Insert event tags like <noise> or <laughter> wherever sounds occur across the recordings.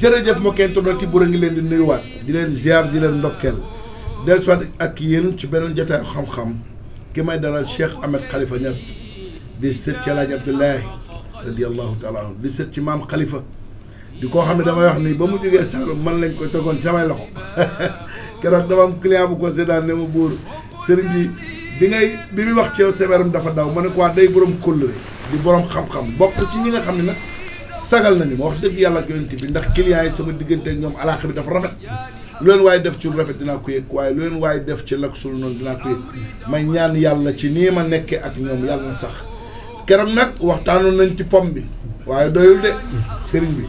jërëjëf mbokk internet yi a ngi leen di nuyuwaat di leen ziar di leen ndokkeel del soit ak yéen ci beneen jotaayu xam-xam ki may dalal Cheikh Ahmed Khalifa Niass di sët ci Alaaji Abdoulaye radiallahu taala anhu di sët ci maam Khalifa di koo xam ne damay wax ni ba mu jógee Saalum man lañ ko tegoon samay loxo <laughs> keroog dama am client bu ko seddaan ne ma buur sëriñ bi bi ngay bi muy wax ci yow dafa daw ma ne ko day borom kóllëre di boroom xam-xam bokk ci ñi nga xam ne sagal nañu ma wax dëgg yàlla ak yonent bi ndax clients yi sama diggante ak ñoom alaax bi dafa rafet lu leen waaye def ci lu rafet dinaa ko yëg waaye lu leen waaye def ci lak sul noonu dinaa ko yëg may ñaan yàlla ci nii ma nekkee ak ñoom yàlla na sax keroog nag waxtaanoon nañ ci pom bi waaye doyul de sëriñ bi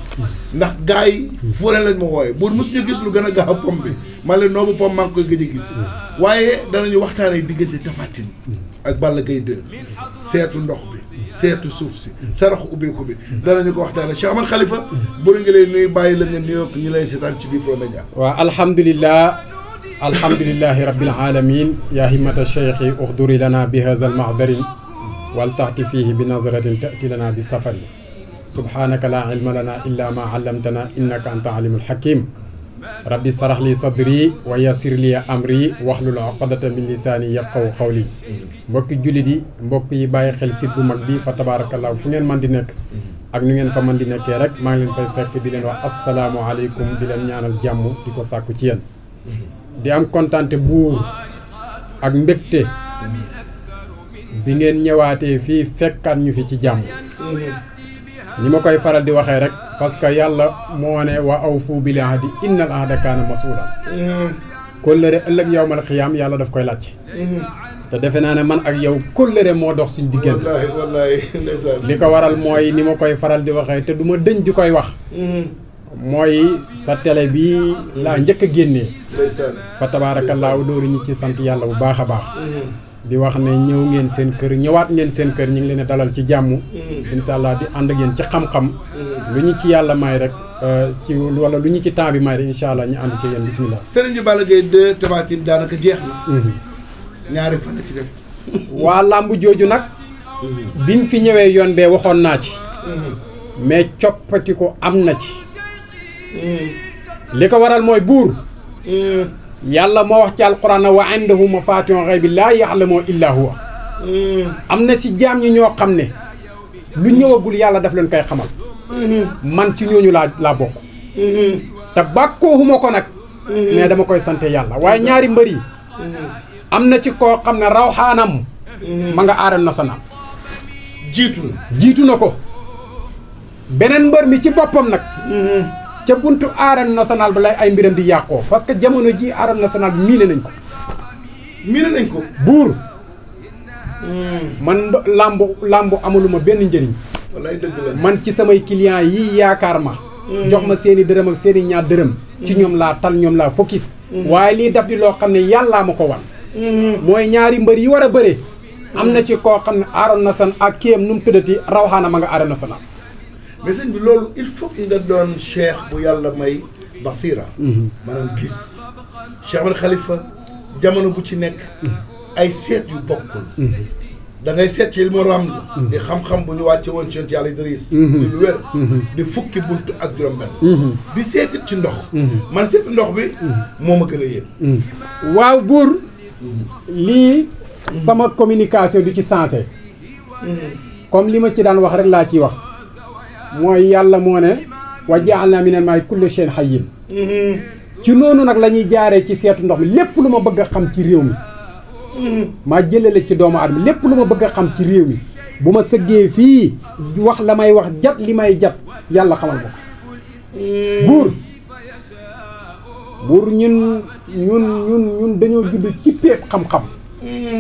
ndax gars yi fure lañ ma wooye buur mosuñu gis lu gën a gaaw pom bi man leen noobu pom maa ngi koy gëj a gis waaye danañu waxtaanee diggante Tapha Tine ak Balla Gaye 2 seetu ndox bi seetu suuf si saraxu ubbeeku bi danañu ko waxtaane Cheikh Ahmad Khalifa bu ngi lay nuyu bàyyi la nga nuyoog ñu lay seetaan ci biir Bprod Média waaw alhamdulilah alhamdulilahi rabbil alamin yaa himmata cheikhi uxduri lana bi haza almahdarin waltaxti fihi bi nazratin tati lana bi safari subhanaka la ilma lana illa ma allamtana innaka anta alimul hakim rab rabbi sarax li sadri wa yasir li amri waxlul uqdata min lisaani yafqahu xawli mbokki jullit yi mbokk yi bàyyi xel site bu mag bi fa tabaarakallaahu fu ngeen mën di nekk ak nu ngeen fa man di nekkee rek maa ngi leen fay fekk di leen wax assalaamu aleykum di leen ñaanal jàmm di ko sàkku ci yéen di am kontante buur ak mbëgte bi ngeen ñëwaatee fii fekkaat ñu fi ci jàmm ni ma koy faral di waxee rek parce que yàlla moo ne wa awfu bil ahdi innal ahda kaana masuulan kóllëre ëllëg yowmal xiyaam yàlla daf koy laaj te defe naa ne man ak yow kóllëre moo dox suñ diggante li ko waral mooy ni ma koy faral di waxee te duma ma dëñ di koy wax mooy sa tele bi laa njëkk a génnee fa tabaarakallaahu dóoru ñi ci sant yàlla bu baax a baax di wax ne ñëw ngeen seen kër ñëwaat ngeen seen kër ñu ngi leen dalal ci jàmm. Mm. incha allah di ànd ak yéen ci xam-xam. Mm. lu ñu ci yàlla may rek euh, ci wala lu ñu ci temps bi may rek incha allah ñu ànd ci yéen bisimilah. sëriñ bi Balla Gaye 2 Tapha daanaka jeex na. Mm-hmm. ñaari fan <laughs> waa làmb jooju nag. Mm-hmm. biñ fi ñëwee yoon bee waxoon naa ci. Mm-hmm. mais coppati ko am na ci. Mm. li ko waral mooy buur. yàlla moo wax ci alquran wa indahu mafatihul ghaybi laa moo illa huwa hmm. am na ci jaam ñi ñoo xam ne lu ñëwagul yàlla daf leen koy xamal hmm. man ci ñooñu laa laa bokk hmm. te bàkkoohuma ko nag mais dama koy sante yàlla waaye ñaari mbër yi am na ci koo xam ne rawxaanam ma nga aareel na jiitu na jiitu na ko beneen mbër mi ci boppam nag ca buntu arène nationale ba lay ay mbiram di yàqoo parce que jamono ji arène nationale bi miine nañ ko nañ ko buur hmm. man làmb làmb amaluma benn njëriñ wallaay dëgg la man ci samay clients yi yaakaar ma hmm. jox ma seeni i dërëm ak seeni ñaar dërëm ci hmm. ñoom laa tal ñoom laa focus waaye lii daf di loo xam ne yàllaa ma ko wan mooy ñaari mbër yi war a bëre am na ci koo xam ne aaron nasan ak kéem nu mu tëddati rawxaana ma nga aaron nasanal mais bi loolu il faut que nga doon cheikh bu yàlla may basira maanaam gis cheikh man xalifa jamono bu ci nekk ay seet yu bokkul da ngay seet ci ñu wàcce woon ci yàlla Idris di lu wér di fukki bunt ak juróom-benn di seetit ci ndox man seeti ndox bi moo ma gën a yéem waaw buur lii sama communication di ci sensé comme li ma ci daan wax rek laa ciy wax mooy yàlla moo ne wa ja'alna minal maa'i kulla shay'in hayyin ci noonu nag la ñuy jaaree ci seetu ndox mi lépp lu ma bëgg xam ci réew mi maa jëlale ci doomu aadama lépp lu ma bëgg xam ci réew mi bu ma sëggee fii wax la may wax jat li may jat yàlla xamal ko buur buur ñun ñun ñun ñun dañoo ci pépp xam-xam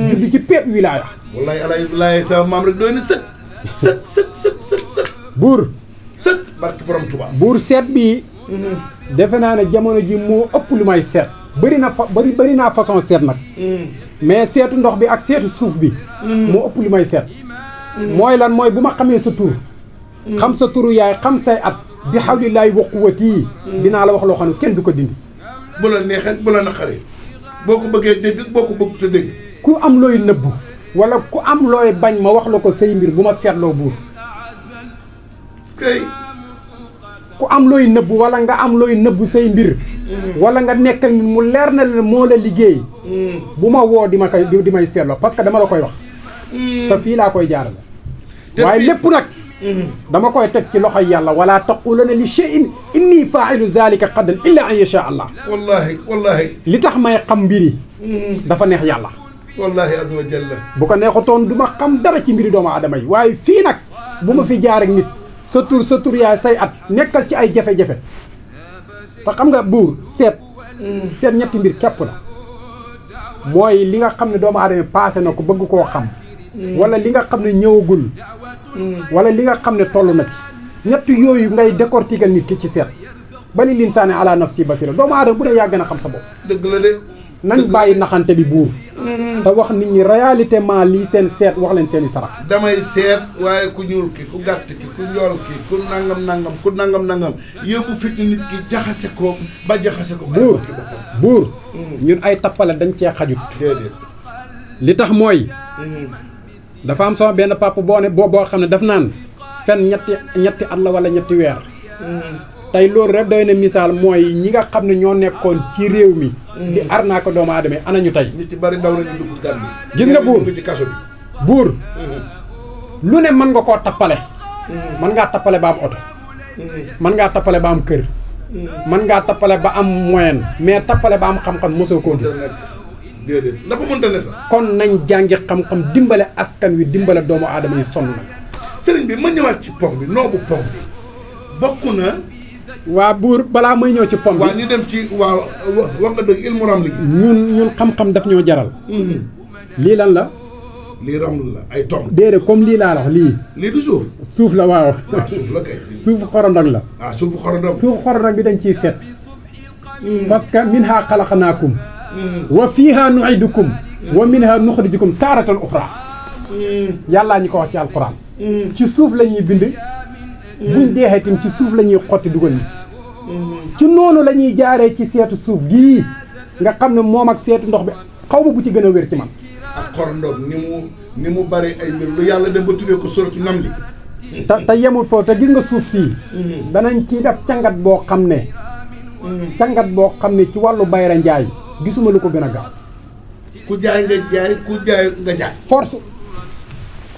judd ci pépp wilaaya wallaay alaay laay maam rek buur sëkk borom Touba. buur seet bii. Mhm. defe naa ne jamono ji moo ëpp lu may seet. bëri na fa bëri naa façon seet nag. Mhm. mais seetu ndox bi ak seetu suuf bi. Mhm. moo ëpp lu may seet. mooy lan mooy bu ma xamee sa tur. xam sa turu yaay xam say at. bi xawlillaay wa quwwati dinaa la wax loo xam ne kenn du ko dindi. bu la neexee bu la boo ko bëggee dégg boo ko bëgg dégg. ku am looy nëbbu. wala ku am looy bañ ma wax la ko sëy mbir bu ma seetloo buur. ku am looy nëbbu wala nga am looy nëbbu say mbir wala nga nekk mu leer na la moo la liggéey mm. bu ma woo di ma koy di may seetloo parce que dama la koy wax mm. te fii laa koy jaarale waaye lépp nag mm. dama koy teg ci loxo yàlla wala taqulanna li i inni faa'ilu zalika qadan illa an yasha allah wallahi li tax may xam mbiri dafa neex yàlla wallahi azza wa bu ko neexutoon du ma xam dara ci mbiri doomu aadama yi waaye fii nag bu ma fi jaar ak nit sa tur sa tur yaay say at nekkal ci ay jafe-jafe te xam nga buur seet seet ñetti mbir képp la mooy li nga xam ne doomu aadama paase na ko bëgg koo xam wala li nga xam ne ñëwagul wala li nga xam ne toll na ci ñett yooyu ngay décortiquer nit ki ci seet bali linsaane ala nafsi basira doomu aadama bu ne yaa gën xam sa bopp dëgg la de nañ bàyyi naxante bi buur mm-hmm. te wax nit ñi réalité ma lii seen seet wax leen seen i sarax damay seet waaye ku ñuul ki ku gàtt ki ku njool ki ku nangam nangam ku nangam nangam yóbbu fit nit ki jaxase ko ba jaxase ko buur buur mm. ñun ay tappale dañ cee xajut li tax mooy mm-hmm. dafa am sama benn papa boo ne boo boo xam ne daf naan fen ñetti ñetti at wala ñetti weer mm-hmm. tey loolu rek doy ne misaal mooy ñi nga xam ne ñoo nekkoon ci réew mi. Mm. di ar naa ko doomu aadama ana ñu tey. ñi ci bari ndaw nañu dugg gan bi. gis nga buur ci kaso bi. buur mm-hmm. lu ne mën nga koo tappale. Mm-hmm. mën ngaa tappale ba am oto. Mm-hmm. mën ngaa tappale ba am kër. mën ngaa tappale ba am moyen mais tappale ba am xam-xam mosoo koo gis. dafa sax. kon nañ jàngi xam-xam dimbale askan wi dimbale doomu aadama yi sonn na. bi ma ñëwaat ci pont bi noobu pont na. waa buur balaa mooy ñëw ci pom bi. ñu dem ci waaw wax nga dëgg ilmu ramli. ñun ñun xam-xam daf ñoo jaral. Mhm. lii lan la. lii ramlu la ay tomb. déedéet comme lii laa wax lii. suuf. la waaw. waaw <laughs> ah, suuf la kay. suufu xorondog la. ah suufu xorondog. suufu xorondog bi dañ ciy seet. Mhm. parce que minha xalaqnaakum. Mhm. wa fiiha nuidukum. wa minha nuxrijukum taaratan uxra. yàllaa ñu ko wax ci alquran. ci suuf la ñuy bind. buñ deexee tamit ci suuf la ñuy xotti dugal ñi. ci noonu lañuy jaaree ci seetu suuf gii nga xam ne moom ak seetu ndox bi xaw ma bu ci gën a wér ci man. ak xorndoom ni mu ni mu bari ay mbir lu yàlla dem ba tuddee ko ci nam li te te yemul foofu te gis nga suuf sii. Mm-hmm. danañ ci def cangat boo xam ne. Mm-hmm. cangat boo xam ne ci wàllu bayra njaay gisuma lu ko gën a gaaw. ku jaay nga jaay ku jaay nga jaay. force.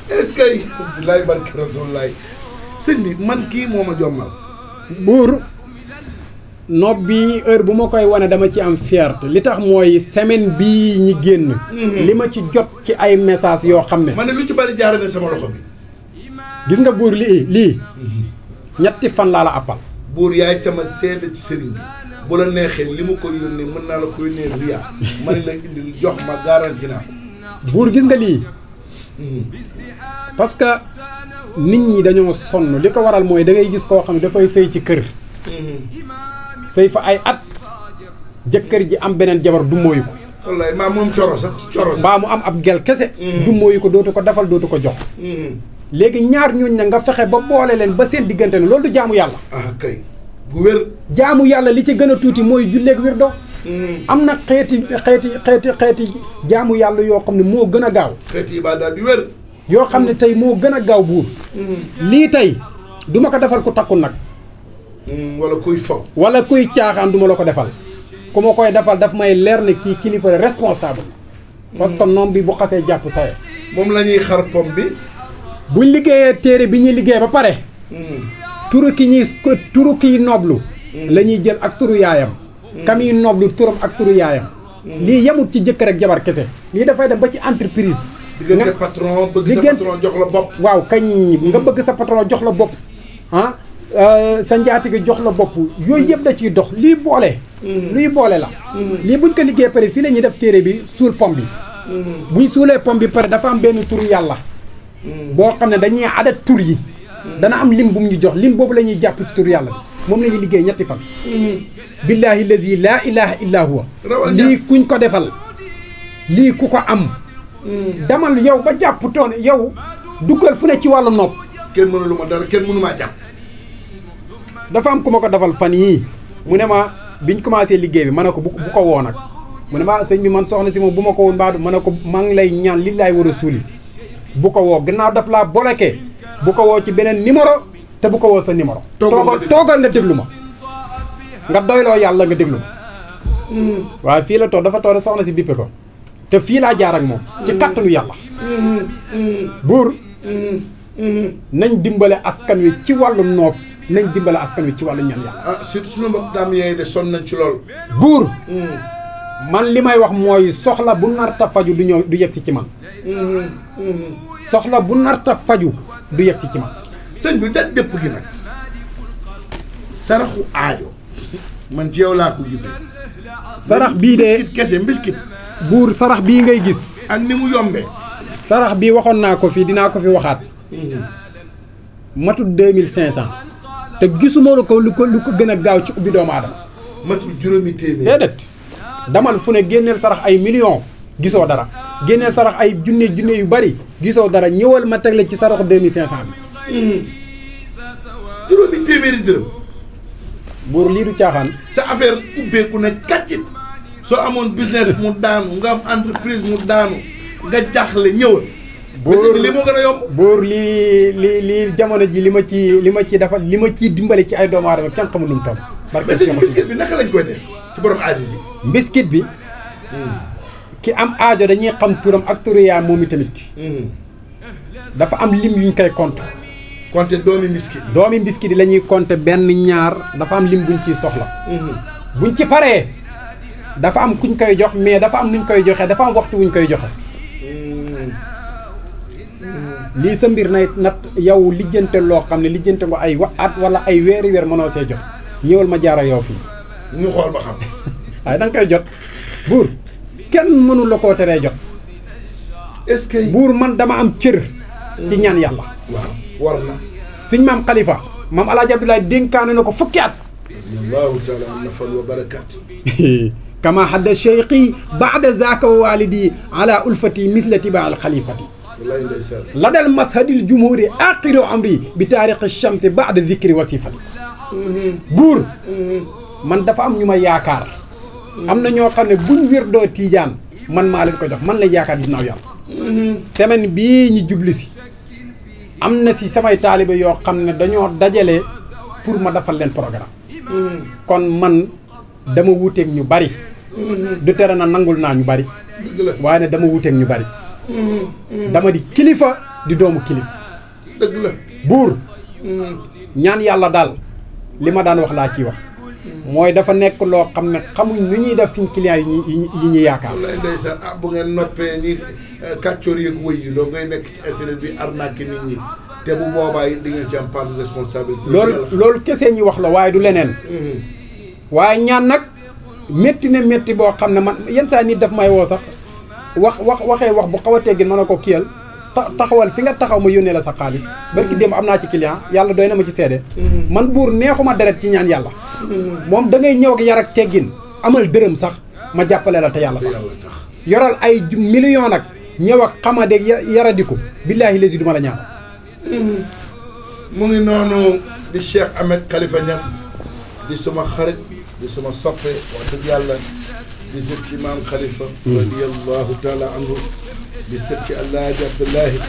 est-ce que. <laughs> bilaay barke rasulaay man kii moo ma jommal. buur. nopp bi heure bu ma koy wane dama ci am fierté li tax mooy semaine bii ñi génn. Mhm. li ma ci jot ci ay message yoo xam ne. ma ne ci bari jaarale sama loxo gis nga buur lii lii mhm. ñetti fan laa la appal. buur yaay sama seede ci sëriñ bi bu la neexee li mu ko yónnee mën naa la ko yónnee riyaa ma ne la indi jox ma garanti naa ko. buur gis nga lii mhm. parce que nit ñi dañoo sonn li ko waral mooy da ngay gis koo xam ne dafay sëy ci kër. sëy fa ay at jëkkër ji am beneen jabar du mooyu ko wallaay moom coro sax coro sax. mu am ab gel kese. Mm. du mooyu ko dootu ko defal dootu ko jox. Mm. léegi ñaar ñooñ na nga fexe ba boole leen ba seen diggante ne loolu du jaamu yàlla. ah kay jaamu yàlla li ci gën a tuuti mooy julleeg wér do mm. am na xeeti xeeti xeeti xeeti jaamu yàlla yoo xam ne moo gën a gaaw. xeeti ibaadaat yu wér. yoo xam ne tey moo gën a gaaw buur. lii tey duma ko defal ku takkul nag. wala kuy fo. wala kuy caaxaan du la ko defal ku ma koy defal daf may leer ne kii kilifa responsable. parce que noom bi bu xasee jàpp saye moom la ñuy xar pom bi. buñ liggéeyee téere bi ñuy liggéey ba pare. Hmm. turu ki ñuy turu kiy nooblu hmm. la ñuy jël ak turu yaayam. Hmm. kam yi noblu turam ak turu yaayam. lii yemut ci jëkkër ak jabar kese. lii dafay dem ba ci entreprise. diggante patron bëgg sa patron jox la bopp. waaw kañ nga bëgg sa patron jox la bopp ah. Euh, sa njaatige jox la bopp yooyu yëpp la ciy dox lii boole. Mm. luy boole la. Mm. lii buñ ko liggéey pare fii la ñuy def téere bi suul pom bi. Mm. buñ suulee pom bi pare dafa am benn tur yàlla. boo xam ne dañuy adat tur yi. dana am lim bu mu ñu jox lim boobu la ñuy jàpp ci tur yàlla bi moom la ñuy liggéey ñetti fan. billahi lazi laa ilaha illa huwa. ñu kuñ ko defal lii ku ko am. demal yow ba jàpp toon yow duggal fu ne ci wàllu nopp. kenn mënuluma dara kenn mënumaa jàpp. dafa am ku ma ko defal fan yii mu ne ma biñ commencé liggéey bi ma ne ko bu ko woo nag mu ne ma sëñ bi man soxna si moom bu ma ko woon baadu ma ne ko maa ngi lay ñaan li laay war a suuli bu ko woo gannaaw daf laa bloqué bu ko woo ci beneen numéro te bu ko woo sa numéro. toogal toogal nga déglu ma. nga doyloo yàlla nga déglu ma. Mm. waaw fii la toog dafa toog soxna si bippe ko. te fii laa jaar ak moom. ci mm. kattanu yàlla. Mm. buur. nañ dimbale askan wi ci wàllum nopp. nañ dimbale askan wi ci wàllu ñaan yàlla. ah surtout suñu mbokk daam yooyu de sonn nañ ci lool. buur. Hmm. man li may wax mooy soxla bu narta faju du ñëw du yegg si ci man. Hmm, hmm. soxla bu narta faju du yegg si ci man. sëñ bi daj dëpp gi nag. saraxu aajo. man ci yow laa ko gisee. sarax bii de kese mbiskit. buur sarax bii ngay gis. ak ni mu yombee. sarax bii waxoon naa ko fii dinaa ko fi waxaat. matut mille cinq cent. te gisuma lu ko lu ko lu ko gën a gaaw ci ubbi doomu aadama. matul juróomi téeméer. déedéet damal fu ne génneel sarax ay millions gisoo dara génneel sarax ay junne junne yu bari gisoo dara ñëwal ma tegle ci saraxu deux mille cinq cent bi. juróomi téeméeri dërëm. buur lii du caaxaan. sa affaire ubbeeku ne kàccit soo amoon business mu daanu nga entreprise mu daanu nga jaaxle ñëwal. bóor li moo gën bóor li li li jamono ji li ma ci li ma ci defal li ma ciy dimbali ci ay doomu aadama kenn xamul nu mu toll mais sëñ biscuit bi naka lañ koy def ci borom aajo ji mbiskit bi hmm. ki am aajo dañuy xam turam ak turu yaay moom itamit hmm. dafa am lim yuñ koy compte compte doomi biscuit doomi biscuit yi la ñuy compte benn ñaar dafa am lim buñ ci soxla hmm. buñ ci paree dafa am kuñ koy jox mais dafa am nuñ koy joxee dafa am waxtu wuñ koy joxe lii sa mbir nay nat yow lijjante loo xam ne lijjante nga ay wa at wala ay weeri weer mënoo see jot ñëwal ma jaara yow fii. ñu xool ba xam. <laughs> waaye da koy jot buur kenn mënu la koo teree jot. est-ce que buur man dama am cër. ci ñaan hmm. yàlla. waaw war na. suñ maam Khalifa maam El Hadj Abdoulaye dénkaane na ko fukki at. allahu taala am na fan wa barakaat. <laughs> kama hadda ulfati mithla tibaa al xalifati la dal mashadil jumhuri aqiru amri bi taariqi chamsi baada dikri wasifati mm-hmm. buur mm-hmm. man dafa am ñu may yaakaar mm-hmm. am na ñoo xam ne buñ doo tiijaan man maa leen ko jox man la yaakaar ginnaaw yàlla semaine bii ñu jubli si am na si samay taalibe yoo xam ne dañoo dajale pour ma defal leen programme kon man dama wuteeg ñu bari du tere na nangul naa ñu bari waaye ne dama wuteeg ñu bari dama di kilifa di doomu kilifa. dëgg la buur. Hmm. ñaan yàlla daal li ma daan wax laa ciy wax. mooy dafa nekk loo xam ne xamuñ nu ñuy def suñ client yi ñu yaakaar. wallaahi ndeysaan ah bu ngeen noppee ñi eh, kàccoor yeeg wëy yi loolu nekk ci internet bi arnaque nit ñi te bu boobaa it di ngeen ci am part loolu kese ñu wax la waaye du leneen. Hmm. waaye ñaan nag métti ne métti boo xam ne man yenn saa nit daf may woo sax. wax wax waxee wax bu xaw a teggin mën na ko kiyal taxawal fi nga taxaw ma yónnee la sa xaalis barki démb am naa ci client yàlla doy na ma ci seede mm-hmm. man buur neexuma deret ci ñaan yàlla mm-hmm. moom da ñëw ak yar ak teggin amal dërëm sax ma jàppale la te yàlla tax yoral ay million nag ñëw ak xamadeeg yaradiku billaahi lesi du duma la ñaan mm-hmm. mu ngi noonu di Cheikh Ahmed Khalifa di suma xarit di suma soppe wax dëgg yàlla di sët ci maam Khalifa. radiyallahu taala anhu di sët ci Alaaji Abdullahi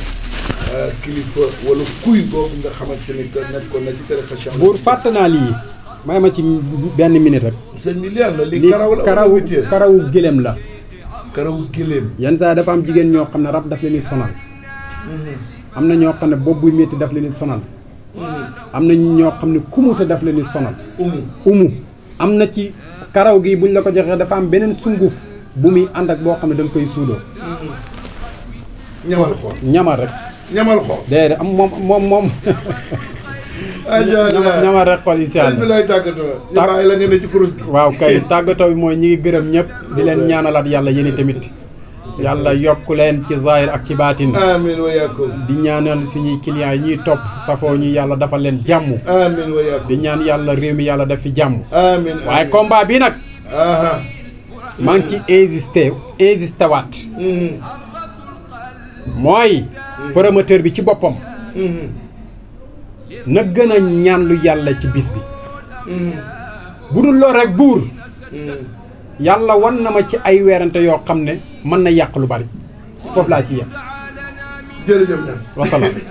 ah, kilifa wala kuy googu nga xamante ni que nekkoon na ci tarixa Cheikh. buur fàtte naa lii ma ci benn minute rek. sëñ bi li la lii karaw la karawu karawu gëlëm la. yenn saa dafa am jigéen ñoo xam ne rab daf leen sonal. Mm-hmm. am na ñoo xam ne bopp buy métti daf leen sonal. Mm-hmm. am na ñoo xam ne kumute daf leen sonal. umu umu am na ci. karaw gi buñ la ko joxee dafa am beneen sunguf bu muy ànd ak boo xam ne da koy suudoo. ñamal xool ñamal rek. ñamal xool am moom moom moom. aywa <laughs> ñamal rek xool yi si ànd. sëñ bi la nga waaw kay tàggatoo bi mooy ñi ngi gërëm ñëpp di leen ñaanalaat yàlla yéen tamit. yàlla yokk leen ci zahir ak ci baatin amiin wa di ñaanal suñuy clients yi ñuy topp safoo ñu yàlla dafa leen jàmm amiin ñaan yàlla réew mi yàlla daf fi jàmm amiin waaye combat bi nag maa ngi ci insisté insisté mm-hmm. mooy mm-hmm. promoteur bi ci boppam mm-hmm. na gën a ñaan lu yàlla ci bis bi bu dul lool buur yàlla wan na ma ci ay weerante yoo xam ne mën na yàq lu bari foofu laa ci yem. jërëjëf Niass wasalaam.